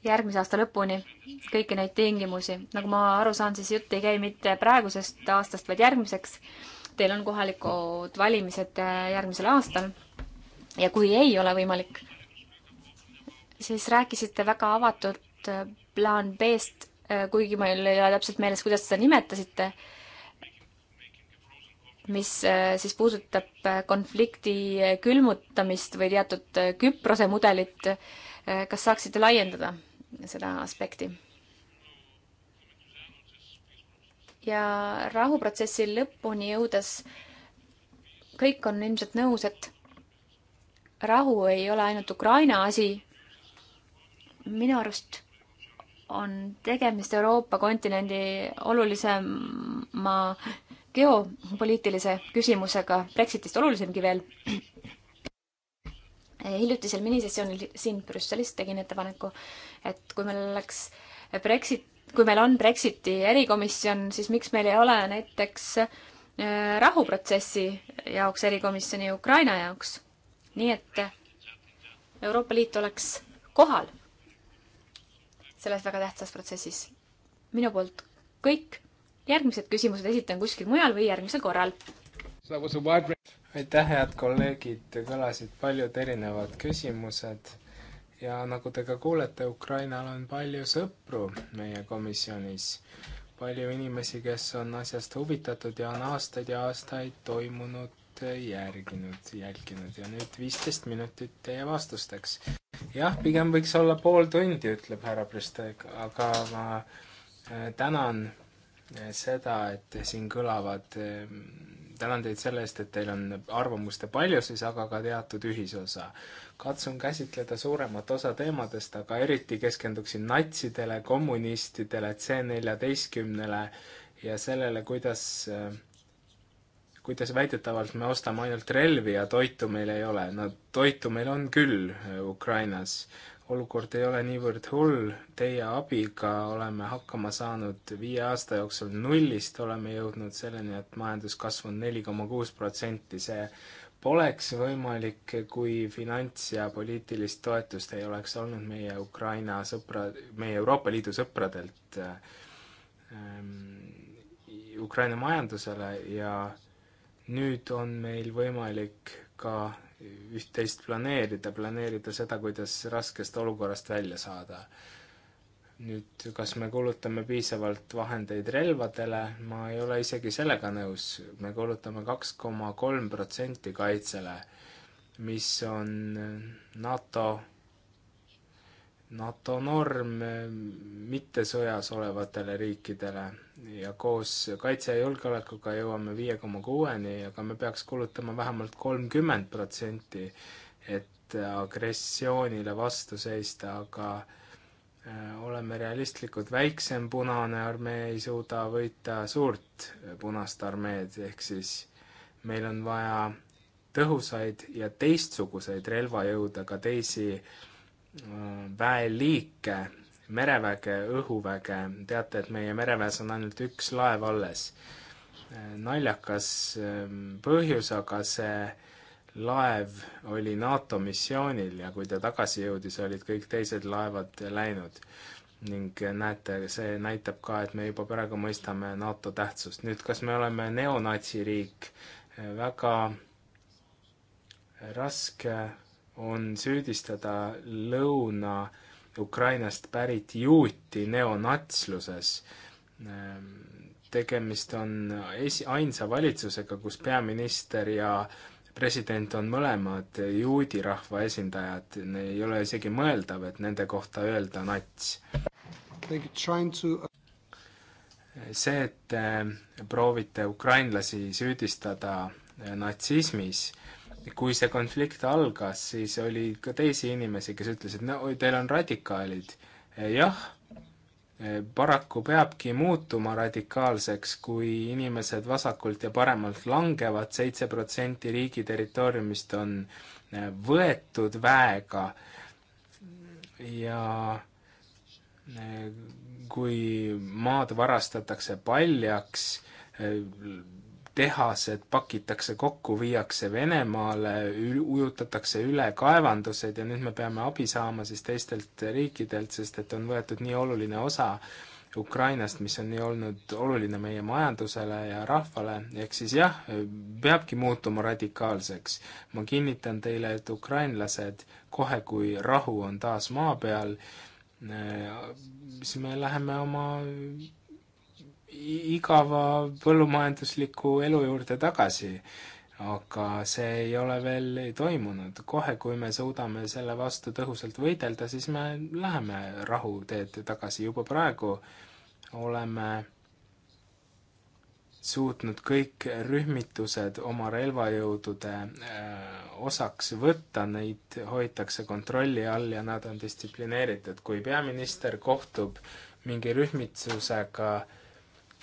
järgmise aasta lõpuni kõiki neid tingimusi. nagu ma aru saan, siis jutt ei käi mitte praegusest aastast, vaid järgmiseks. Teil on kohalikud valimised äh, järgmisel aastal. ja kui ei ole võimalik, siis rääkisite väga avatud äh, plaan B-st, äh, kuigi meil ei ole täpselt meeles, kuidas seda nimetasite, mis siis puudutab konflikti külmutamist või teatud Küprose mudelit. kas saaksite laiendada? seda aspekti. ja rahuprotsessi lõpuni jõudes kõik on ilmselt nõus, et rahu ei ole ainult Ukraina asi. minu arust on tegemist Euroopa kontinendi olulisema geopoliitilise küsimusega, Brexitist olulisemgi veel hiljutisel minisessioonil siin Brüsselis tegin ettepaneku, et kui meil oleks Brexit, kui meil on Brexiti erikomisjon, siis miks meil ei ole näiteks äh, rahuprotsessi jaoks erikomisjoni Ukraina jaoks. nii et Euroopa Liit oleks kohal selles väga tähtsas protsessis. minu poolt kõik, järgmised küsimused esitan kuskil mujal või järgmisel korral aitäh, head kolleegid, kõlasid paljud erinevad küsimused ja nagu te ka kuulete, Ukrainal on palju sõpru meie komisjonis, palju inimesi, kes on asjast huvitatud ja on aastaid ja aastaid toimunut järginud, jälginud ja nüüd viisteist minutit teie vastusteks. jah, pigem võiks olla pool tundi, ütleb härra Prüstek, aga ma äh, tänan äh, seda, et siin kõlavad ehm, tänan teid selle eest, et teil on arvamuste paljusus, aga ka teatud ühisosa. katsun käsitleda suuremat osa teemadest, aga eriti keskenduksin natsidele, kommunistidele, C14-le ja sellele, kuidas, kuidas väidetavalt me ostame ainult relvi ja toitu meil ei ole. no toitu meil on küll äh, Ukrainas olukord ei ole niivõrd hull, teie abiga oleme hakkama saanud viie aasta jooksul nullist, oleme jõudnud selleni, et majanduskasv on neli koma kuus protsenti, see poleks võimalik, kui finants ja poliitilist toetust ei oleks olnud meie Ukraina sõpra, meie Euroopa Liidu sõpradelt ähm, Ukraina majandusele ja nüüd on meil võimalik ka üht-teist planeerida, planeerida seda, kuidas raskest olukorrast välja saada. nüüd, kas me kulutame piisavalt vahendeid relvadele, ma ei ole isegi sellega nõus, me kulutame kaks koma kolm protsenti kaitsele, mis on NATO NATO norm eh, mittesõjas olevatele riikidele ja koos kaitse ja julgeolekuga jõuame viie koma kuueni, aga me peaks kulutama vähemalt kolmkümmend protsenti, et agressioonile vastu seista, aga eh, oleme realistlikud, väiksem punane armee ei suuda võita suurt eh, punast armeed, ehk siis meil on vaja tõhusaid ja teistsuguseid relvajõude, ka teisi äh, väeliike, mereväge, õhuväge, teate, et meie mereväes on ainult üks laev alles. naljakas ehm, põhjus, aga see laev oli NATO missioonil ja kui ta tagasi jõudis, olid kõik teised laevad läinud. ning näete, see näitab ka, et me juba praegu mõistame NATO tähtsust. nüüd, kas me oleme neonatsiriik? väga raske on süüdistada Lõuna-Ukrainast pärit juuti neonatsluses. Ehm, tegemist on esi, ainsa valitsusega, kus peaminister ja president on mõlemad juudi rahva esindajad, ei ole isegi mõeldav, et nende kohta öelda nats. see, et te proovite ukrainlasi süüdistada natsismis, kui see konflikt algas, siis oli ka teisi inimesi, kes ütlesid, no teil on radikaalid. E, jah, e, paraku peabki muutuma radikaalseks, kui inimesed vasakult ja paremalt langevad, seitse protsenti riigi territooriumist on e, võetud väega ja kui maad varastatakse paljaks, tehased pakitakse kokku, viiakse Venemaale, ujutatakse üle kaevandused ja nüüd me peame abi saama siis teistelt riikidelt, sest et on võetud nii oluline osa Ukrainast, mis on nii olnud oluline meie majandusele ja rahvale, ehk siis jah, peabki muutuma radikaalseks. ma kinnitan teile, et ukrainlased kohe, kui rahu on taas maa peal, äh, siis me läheme oma igava põllumajandusliku elu juurde tagasi, aga see ei ole veel toimunud. kohe, kui me suudame selle vastu tõhusalt võidelda, siis me läheme rahuteed tagasi. juba praegu oleme suutnud kõik rühmitused oma relvajõudude äh, osaks võtta, neid hoitakse kontrolli all ja nad on distsiplineeritud. kui peaminister kohtub mingi rühmitusega äh,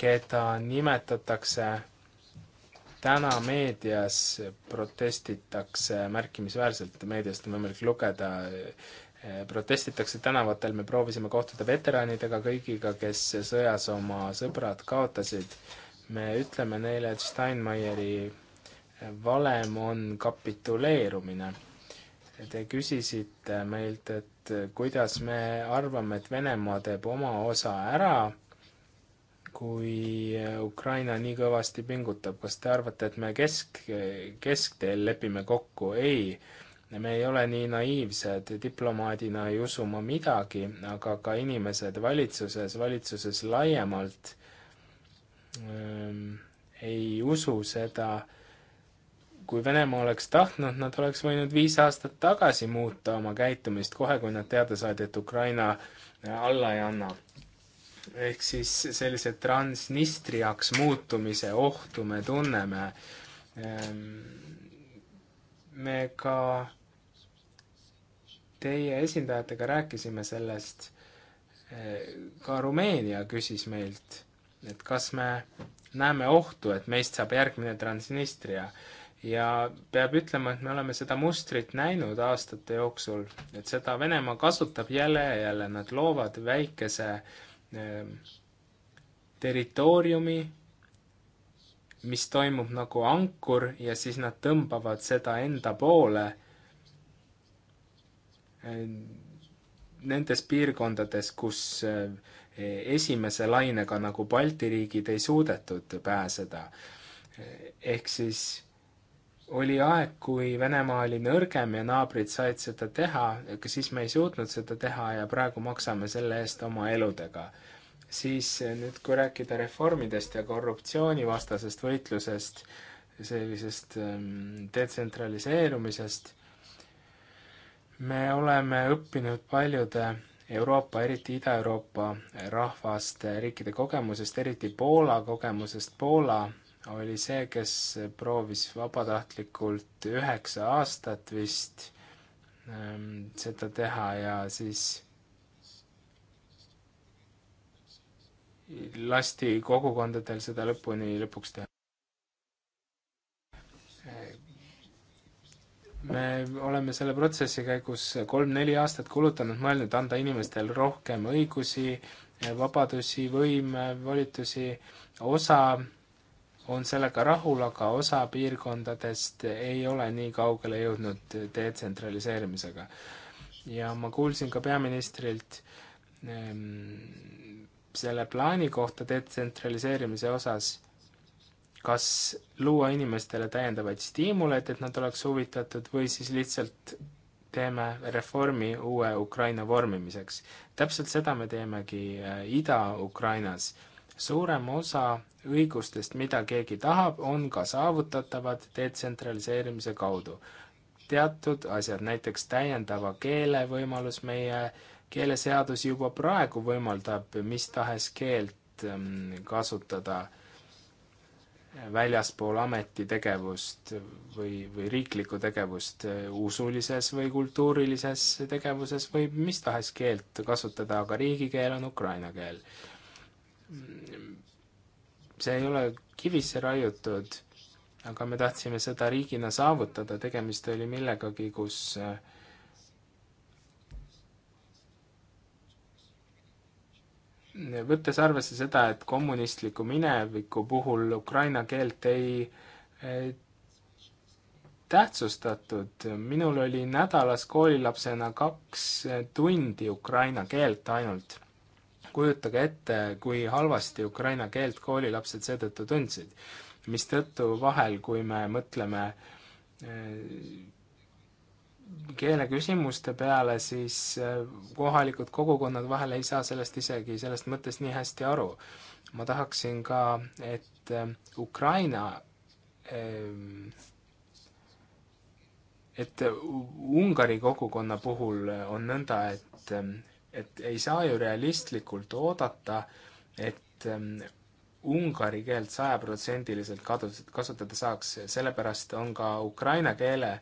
keda nimetatakse täna meedias, protestitakse märkimisväärselt, meediast on võimalik lugeda, eh, protestitakse tänavatel, me proovisime kohtuda veteranidega, kõigiga, kes sõjas oma sõbrad kaotasid. me ütleme neile, et Steinmeieri valem on kapituleerumine. Te küsisite meilt, et kuidas me arvame, et Venemaa teeb oma osa ära kui äh, Ukraina nii kõvasti pingutab, kas te arvate, et me kesk, keskteel lepime kokku? ei, me ei ole nii naiivsed, diplomaadina ei usu ma midagi, aga ka inimesed valitsuses, valitsuses laiemalt ähm, ei usu seda, kui Venemaa oleks tahtnud, nad oleks võinud viis aastat tagasi muuta oma käitumist, kohe kui nad teada said, et Ukraina alla ei anna ehk siis sellise transnistriaks muutumise ohtu me tunneme. Ehm, me ka teie esindajatega rääkisime sellest, e, ka Rumeenia küsis meilt, et kas me näeme ohtu, et meist saab järgmine Transnistria ja peab ütlema, et me oleme seda mustrit näinud aastate jooksul, et seda Venemaa kasutab jälle ja jälle, nad loovad väikese äh, Ähm, territooriumi, mis toimub nagu ankur ja siis nad tõmbavad seda enda poole ähm, nendes piirkondades, kus äh, esimese lainega nagu Balti riigid ei suudetud pääseda. ehk siis oli aeg, kui Venemaa oli nõrgem ja naabrid said seda teha, aga siis me ei suutnud seda teha ja praegu maksame selle eest oma eludega. siis eh, nüüd, kui rääkida reformidest ja korruptsioonivastasest võitlusest, sellisest ehm, detsentraliseerumisest, me oleme õppinud paljude Euroopa, eriti Ida-Euroopa eh, rahvaste, riikide kogemusest, eriti Poola kogemusest, Poola oli see, kes proovis vabatahtlikult üheksa aastat vist ähm, seda teha ja siis lasti kogukondadel seda lõpuni lõpuks teha. me oleme selle protsessi käigus kolm-neli aastat kulutanud, mõelnud anda inimestel rohkem õigusi, vabadusi, võime, volitusi, osa on sellega rahul, aga osa piirkondadest ei ole nii kaugele jõudnud detsentraliseerimisega. ja ma kuulsin ka peaministrilt ähm, selle plaani kohta detsentraliseerimise osas, kas luua inimestele täiendavaid stiimuleid, et nad oleks huvitatud, või siis lihtsalt teeme reformi uue Ukraina vormimiseks. täpselt seda me teemegi äh, Ida-Ukrainas äh, suurem osa õigustest, mida keegi tahab, on ka saavutatavad detsentraliseerimise kaudu. teatud asjad, näiteks täiendava keele võimalus, meie keeleseadus juba praegu võimaldab mis tahes keelt mm, kasutada väljaspool ametitegevust või, või riiklikku tegevust, eh, usulises või kultuurilises tegevuses võib mis tahes keelt kasutada, aga riigikeel on ukraina keel see ei ole kivisse raiutud, aga me tahtsime seda riigina saavutada, tegemist oli millegagi, kus äh, võttes arvesse seda, et kommunistliku mineviku puhul ukraina keelt ei äh, tähtsustatud, minul oli nädalas koolilapsena kaks tundi ukraina keelt ainult kujutage ette, kui halvasti ukraina keelt koolilapsed seetõttu tundsid. mistõttu vahel, kui me mõtleme eh, keeleküsimuste peale, siis eh, kohalikud kogukonnad vahel ei saa sellest isegi, sellest mõttest nii hästi aru. ma tahaksin ka, et eh, Ukraina et Ungari kogukonna puhul on nõnda, et et ei saa ju realistlikult oodata, et ähm, ungari keelt sajaprotsendiliselt kadus, kasutada saaks, sellepärast on ka ukraina keele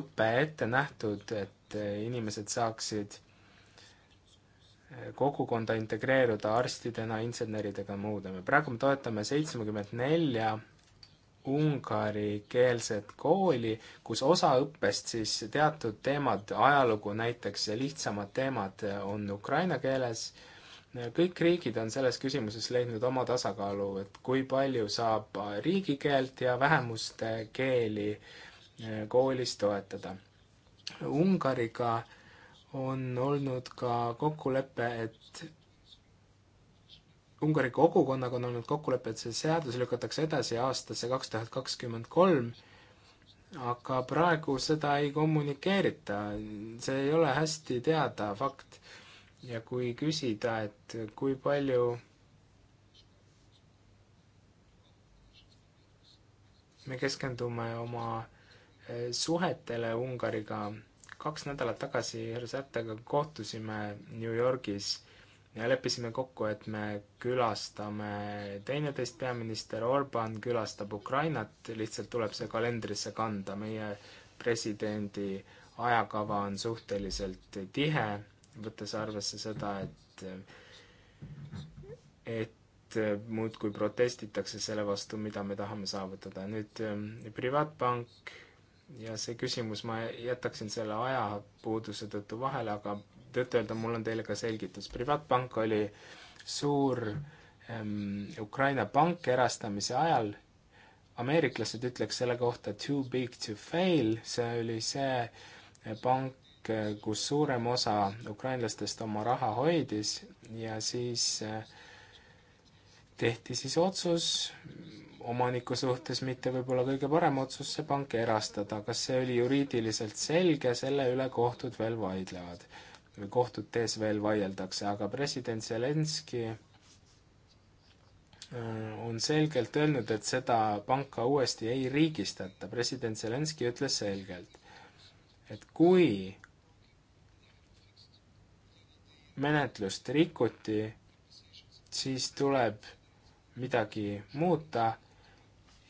õpe ette nähtud, et äh, inimesed saaksid äh, kogukonda integreeruda arstidena, inseneridega ja muude. me praegu me toetame seitsmekümmet nelja ungarikeelset kooli, kus osa õppest siis teatud teemad, ajalugu näiteks ja lihtsamad teemad on ukraina keeles. kõik riigid on selles küsimuses leidnud oma tasakaalu, et kui palju saab riigikeelt ja vähemuste keeli eh, koolis toetada. Ungariga on olnud ka kokkulepe, et Ungari kogukonnaga on olnud kokkulepe, et see seadus lükatakse edasi aastasse kaks tuhat kakskümmend kolm, aga praegu seda ei kommunikeerita, see ei ole hästi teada fakt. ja kui küsida, et kui palju me keskendume oma eh, suhetele Ungariga, kaks nädalat tagasi härra Sättega kohtusime New Yorgis ja leppisime kokku, et me külastame teineteist, peaminister Orban külastab Ukrainat, lihtsalt tuleb see kalendrisse kanda, meie presidendi ajakava on suhteliselt tihe, võttes arvesse seda, et et muudkui protestitakse selle vastu, mida me tahame saavutada. nüüd ähm, privaatpank ja see küsimus, ma jätaksin selle ajapuuduse tõttu vahele, aga tõtt-öelda mul on teile ka selgitus, Privatpank oli suur ähm, Ukraina pank erastamise ajal, ameeriklased ütleks selle kohta too big to fail, see oli see pank, kus suurem osa ukrainlastest oma raha hoidis ja siis äh, tehti siis otsus omaniku suhtes mitte võib-olla kõige parem otsus see pank erastada, kas see oli juriidiliselt selge, selle üle kohtud veel vaidlevad kohtutes veel vaieldakse, aga president Zelenski äh, on selgelt öelnud, et seda panka uuesti ei riigistata. president Zelenski ütles selgelt, et kui menetlust rikuti, siis tuleb midagi muuta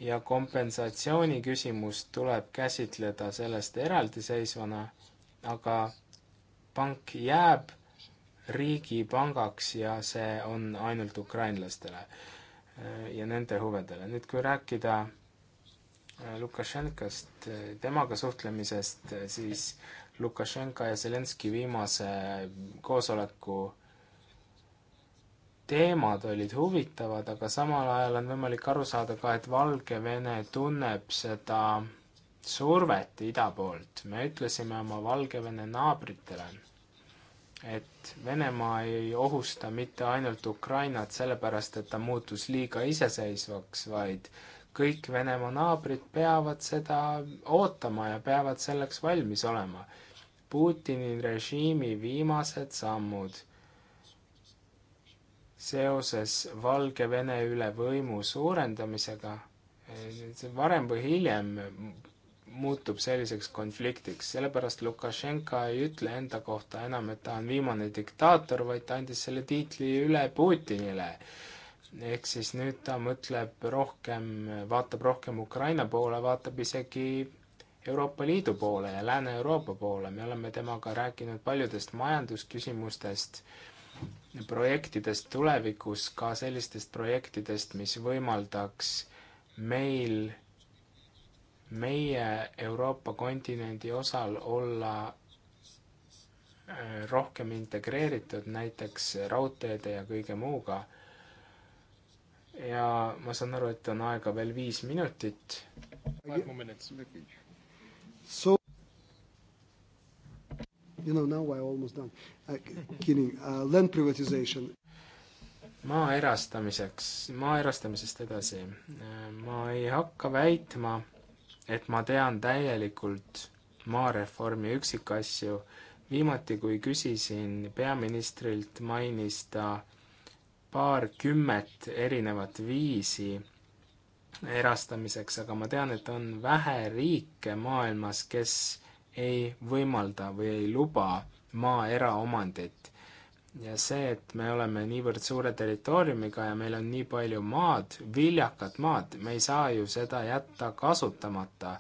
ja kompensatsiooni küsimust tuleb käsitleda sellest eraldiseisvana, aga pank jääb riigipangaks ja see on ainult ukrainlastele äh, ja nende huvedele. nüüd, kui rääkida äh, Lukašenkast, äh, temaga suhtlemisest, siis Lukašenka ja Zelenski viimase koosoleku teemad olid huvitavad, aga samal ajal on võimalik aru saada ka, et Valgevene tunneb seda survet ida poolt. me ütlesime oma Valgevene naabritele et Venemaa ei ohusta mitte ainult Ukrainat sellepärast, et ta muutus liiga iseseisvaks, vaid kõik Venemaa naabrid peavad seda ootama ja peavad selleks valmis olema. Putini režiimi viimased sammud seoses Valgevene üle võimu suurendamisega, eh, varem või hiljem muutub selliseks konfliktiks, sellepärast Lukašenka ei ütle enda kohta enam, et ta on viimane diktaator, vaid ta andis selle tiitli üle Putinile. ehk siis nüüd ta mõtleb rohkem, vaatab rohkem Ukraina poole, vaatab isegi Euroopa Liidu poole ja Lääne-Euroopa poole, me oleme temaga rääkinud paljudest majandusküsimustest, projektidest tulevikus, ka sellistest projektidest, mis võimaldaks meil meie Euroopa kontinendi osal olla äh, rohkem integreeritud näiteks raudteede ja kõige muuga. ja ma saan aru, et on aega veel viis minutit. So you know now I almost done uh,. Kidding uh,, land privatization. maa erastamiseks, maa erastamisest edasi. Äh, ma ei hakka väitma et ma tean täielikult maareformi üksikasju. viimati, kui küsisin peaministrilt, mainis ta paarkümmet erinevat viisi erastamiseks, aga ma tean, et on vähe riike maailmas, kes ei võimalda või ei luba maa eraomandit ja see, et me oleme niivõrd suure territooriumiga ja meil on nii palju maad, viljakat maad, me ei saa ju seda jätta kasutamata.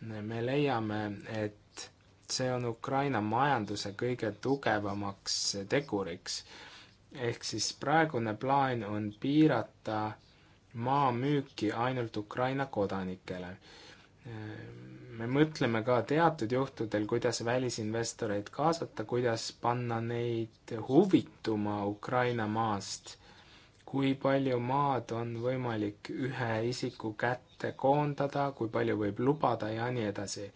me leiame, et see on Ukraina majanduse kõige tugevamaks teguriks. ehk siis praegune plaan on piirata maa müüki ainult Ukraina kodanikele me mõtleme ka teatud juhtudel, kuidas välisinvestoreid kaasata, kuidas panna neid huvituma Ukraina maast, kui palju maad on võimalik ühe isiku kätte koondada, kui palju võib lubada ja nii edasi.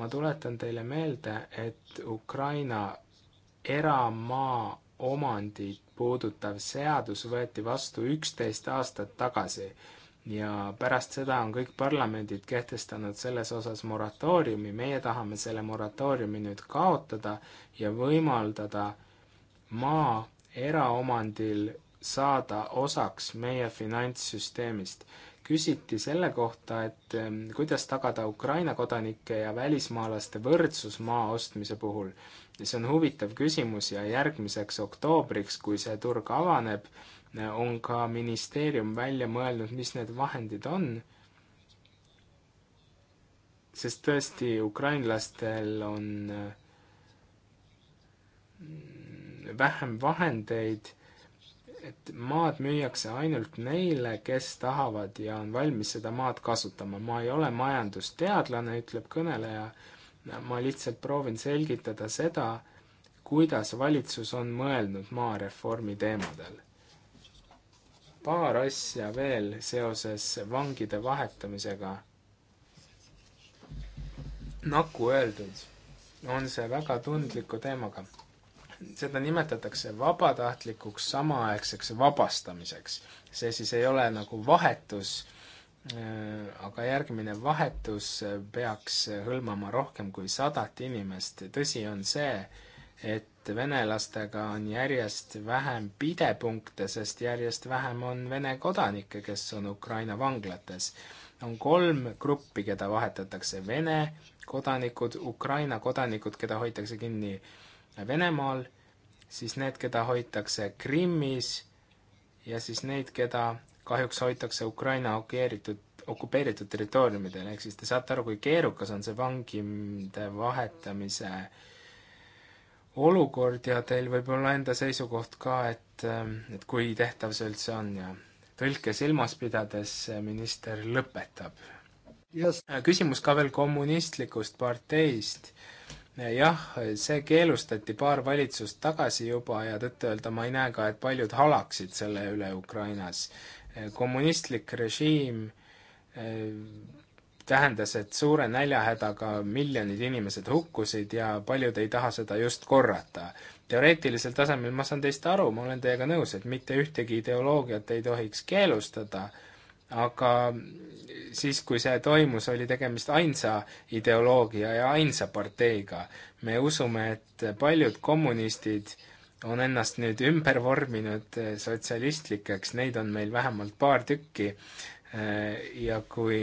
ma tuletan teile meelde, et Ukraina eramaa omandit puudutav seadus võeti vastu üksteist aastat tagasi ja pärast seda on kõik parlamendid kehtestanud selles osas moratooriumi, meie tahame selle moratooriumi nüüd kaotada ja võimaldada maa eraomandil saada osaks meie finantssüsteemist. küsiti selle kohta, et ähm, kuidas tagada Ukraina kodanike ja välismaalaste võrdsus maa ostmise puhul. see on huvitav küsimus ja järgmiseks oktoobriks, kui see turg avaneb, on ka ministeerium välja mõelnud, mis need vahendid on, sest tõesti, ukrainlastel on mm, vähem vahendeid, et maad müüakse ainult neile, kes tahavad ja on valmis seda maad kasutama. ma ei ole majandusteadlane, ütleb kõneleja, ma lihtsalt proovin selgitada seda, kuidas valitsus on mõelnud maareformi teemadel paar asja veel seoses vangide vahetamisega. nagu öeldud, on see väga tundliku teemaga. seda nimetatakse vabatahtlikuks samaaegseks vabastamiseks. see siis ei ole nagu vahetus, äh, aga järgmine vahetus peaks hõlmama rohkem kui sadat inimest. tõsi on see, et et venelastega on järjest vähem pidepunkte, sest järjest vähem on Vene kodanikke, kes on Ukraina vanglates. on kolm gruppi, keda vahetatakse, Vene kodanikud, Ukraina kodanikud, keda hoitakse kinni Venemaal, siis need, keda hoitakse Krimmis ja siis neid, keda kahjuks hoitakse Ukraina okeeritud okupeeritud territooriumidel, ehk siis te saate aru, kui keerukas on see vangide vahetamise äh, olukord ja teil võib olla enda seisukoht ka, et, ähm, et kui tehtav see üldse on ja tõlke silmas pidades minister lõpetab yes.. Äh, küsimus ka veel kommunistlikust parteist. Äh, jah, see keelustati paar valitsust tagasi juba ja tõtt-öelda ma ei näe ka, et paljud halaksid selle üle Ukrainas. Äh, kommunistlik režiim tähendas, et suure näljahädaga miljonid inimesed hukkusid ja paljud ei taha seda just korrata. teoreetilisel tasemel ma saan teist aru, ma olen teiega nõus, et mitte ühtegi ideoloogiat ei tohiks keelustada, aga siis, kui see toimus, oli tegemist ainsa ideoloogia ja ainsa parteiga. me usume, et paljud kommunistid on ennast nüüd ümber vorminud sotsialistlikeks, neid on meil vähemalt paar tükki, ja kui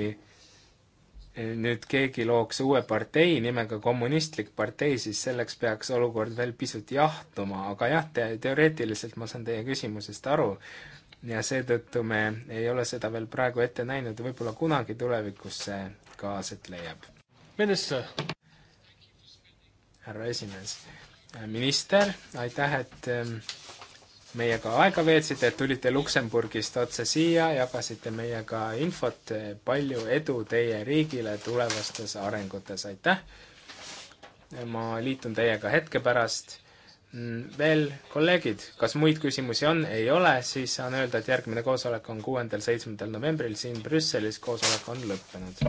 nüüd keegi looks uue partei nimega Kommunistlik Partei, siis selleks peaks olukord veel pisut jahtuma, aga jah te, teoreetiliselt ma saan teie küsimusest aru ja seetõttu me ei ole seda veel praegu ette näinud, võib-olla kunagi tulevikus see ka aset leiab. minister. härra esimees, minister, aitäh, et ähm, meiega aega veetsite, et tulite Luksemburgist otse siia, jagasite meiega infot, palju edu teie riigile tulevastes arengutes, aitäh! ma liitun teiega hetke pärast. Mm, veel kolleegid, kas muid küsimusi on? ei ole, siis saan öelda, et järgmine koosolek on kuuendal, seitsmendal novembril siin Brüsselis, koosolek on lõppenud.